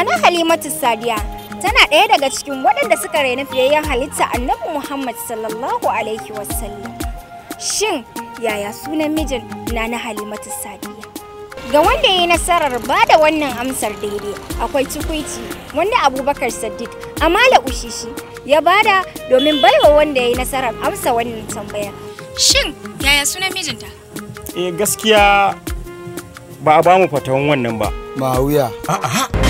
Nana Halimatu Sadiya tana ɗaya daga cikin waɗanda suka raina fiyayyen halitta Annabi Muhammad sallallahu alaihi wasallam. Shin yaya sunan mijin Nana Halimatu Sadiya? Ga wanda ya yi nasarar ba da wannan amsar daidai akwai cikwici wanda Abubakar Saddiq Amala Ushishi ya bada domin baiwa wanda ya yi nasarar amsa wannan tambaya. Shin yaya sunan mijinta? Eh gaskiya ba a bamu fatawan wannan ba. Ma'auya. A'a.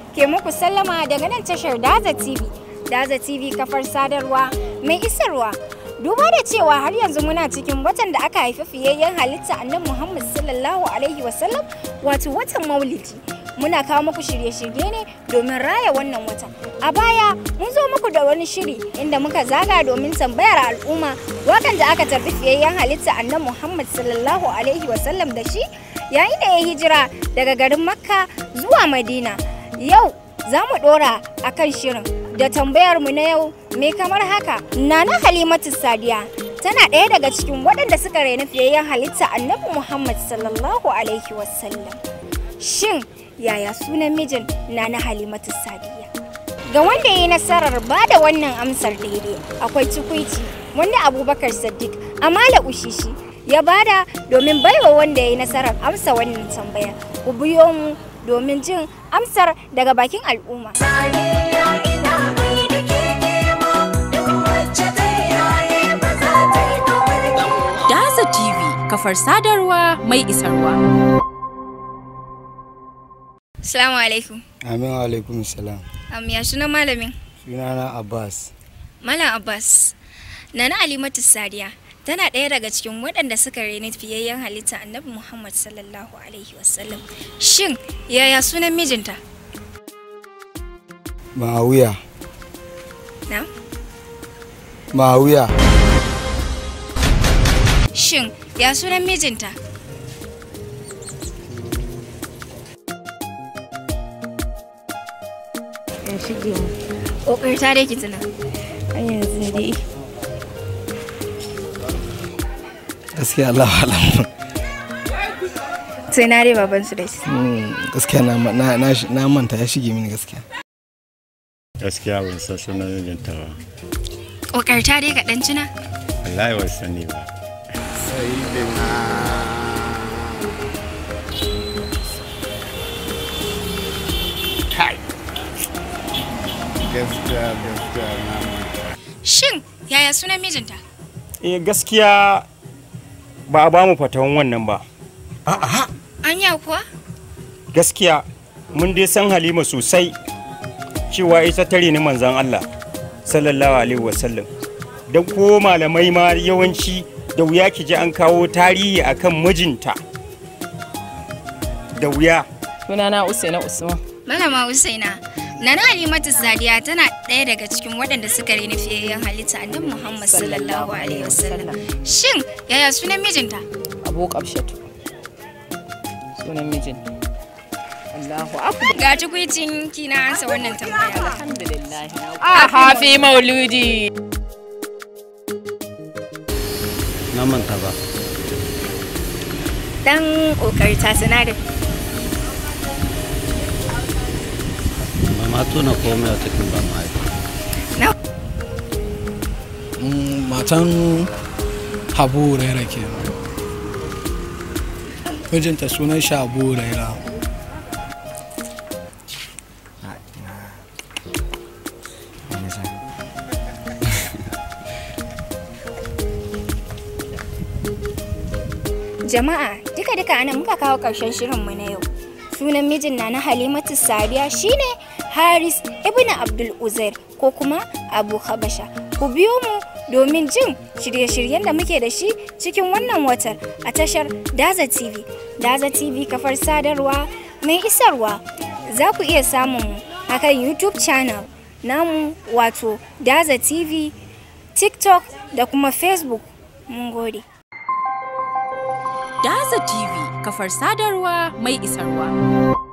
ke muku sallama daga nan tashar Daza TV. Daza TV kafar sadarwa mai isarwa. Duba da cewa har yanzu muna cikin watan da aka haifi fiyayyen halitta annabi Muhammad sallallahu alaihi wasallam wato watan Maulidi. Muna kawo muku shirye-shirye ne domin raya wannan wata. A baya mun zo muku da wani shiri inda muka zaga domin tambayar al'umma wakan da aka tarbi fiyayyen halitta annabi Muhammad sallallahu alaihi wasallam da shi yayin da ya hijira daga garin Makka zuwa Madina. Yau za mu ɗora a kan shirin da tambayarmu na yau mai kamar haka. Nana Halimatu Sadiya tana ɗaya daga cikin waɗanda suka raina fiyayyen halitta annabi Muhammad sallallahu Alaihi wasallam. Shin yaya sunan mijin Nana Halimatu Sadiya? Ga wanda ya yi nasarar ba da wannan amsar daidai akwai cikwici wanda Abubakar Saddiq Amala Ushishi ya bada domin baiwa wanda ya yi nasarar amsa wannan tambaya. Ku biyo mu domin jin amsar daga bakin al'umma. Daza TV kafar sadarwa mai isarwa. Salamu alaikum. Amin wa alaikum salam. Am ya suna malamin? Sunana Abbas. Malam Abbas. Nana Alimatu Sadiya. tana ɗaya daga cikin waɗanda suka reni fiyayyen halitta annabi muhammad sallallahu alaihi wasallam shin yaya sunan mijinta ma'awiya na ma'awiya shin ya sunan mijinta ya shige mu ƙoƙarta dai ki tuna yanzu dai gaskiya Allah alam sai na dai baban su dai hmm, gaskiya na manta ya shige mini gaskiya gaskiya ban san sunan mijinta ba kokarta dai ga dan jina. wallahi ban sani ba sai da na gaskiya gaskiya na Shin yaya sunan mijinta? Eh gaskiya ba a bamu fatawan wannan ba a'a anya kuwa gaskiya mun dai san halima sosai cewa ita tare ni manzan Allah sallallahu alaihi wasallam don ko malamai ma yawanci da wuya ki ji an kawo tarihi akan mijinta da wuya sunana usaina usman malama usaina Nana Halimatu Sadiya tana ɗaya daga cikin waɗanda suka reni fiyayyen halitta a nan Muhammad sallallahu alaihi wasallam. Shin yaya sunan mijinta? Abu Kamshatu. Sunan mijin. Allahu akbar. Ga tukwicin kina ansa wannan tambaya. Alhamdulillah. A ah, hafi mauludi. Na manta ba. Dan ta sinadari. na komai a cikin ban mm, matan habu raira ke mijinta sunan shi habu raira jama'a duka-duka anan muka kawo ƙarshen shirinmu na yau sunan mijin na na halimatu sabiya shine haris ibn abdul uzair ko kuma abu habasha ku biyo mu domin jin shirye-shiryen da muke da shi cikin wannan watar a tashar daza tv daza tv kafar sadarwa mai isarwa za ku iya samun mu a kan youtube channel namu wato daza tv tiktok da kuma facebook mun gode daza tv kafar sadarwa mai isarwa